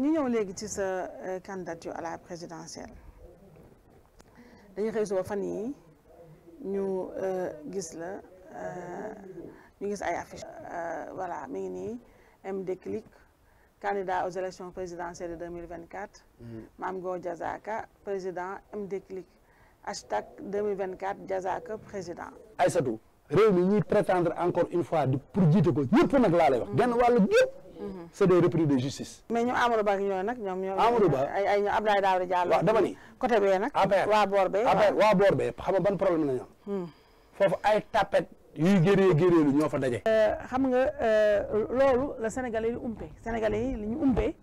Nous avons eu ci sa euh, candidature à la présidentielle dañu xëy fan yi nous euh, gis la euh, ñu gis affiche voilà mi ngi Click candidat aux élections présidentielles de 2024 mm. Mamgo Diazaka président MD Click hashtag 2024 Diazaka président Aïssatou réunis prétendre encore une fois di pour jiite ko ñëpp le dire. lay wax mm. c'est des repris de justice. mais ñoom Amadou Ba ak ñoom nag ñoom ñoom. Amadou Ba dama ni côté bee nag. waa boor bee affaire ban problème la ñu am. Hmm. foofu ay tapet yuy géree géreelu ñoo fa daje. Euh, xam nga euh, loolu la Sénégalais yi umpee Sénégalais yi li ñu umpee.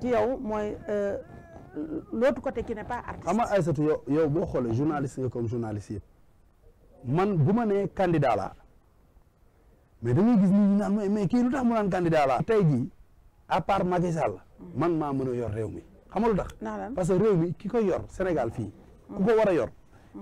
ci yow mooy euh, l'autre côté qui n'est pas artiste. xam yow boo xoolee journaliste nga comme journaliste yëpp man bu ma nee candidat mais da ngay gis nit ñi naan mais mais kii lu tax mu naan candidat la tey jii à part Macky Sall man maa mën yor réew mi xam nga lu tax parce que réew mi ki ko yor Sénégal fii ku ko war a yor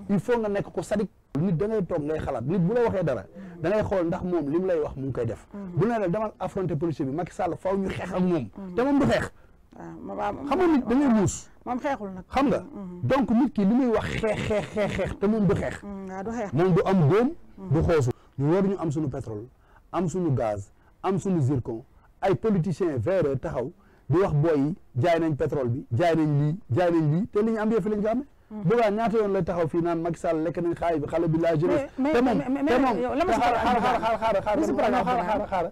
il faut nga nekk ko sadik nit da toog ngay xalaat nit bu lay waxee dara da xool ndax moom li mu lay wax mu ngi koy def bu ne la demal affronter policier bi Macky Sall faw ñu xeex ak moom te moom du xeex xam nga nit da muus moom xeexul nag xam nga mm-hmm. donc nit ki li muy wax xeex xeex xeex xeex te moom du xeex mm, moom du am góom du xoosu ñu war ñu am suñu pétrole am suñu gaz am suñu zircon ay politiciens verts taxaw di wax boy jaay nañ pétrole bi jaay nañ li jaay nañ li te liñ am yeuf liñ lañ bu amee. ñaata yoon la taxaw fi naan Macky Sall lek nañ xaay bi xale bi la jeunesse. te mom te mom moom xaar xaar xaar xaar xaar xaar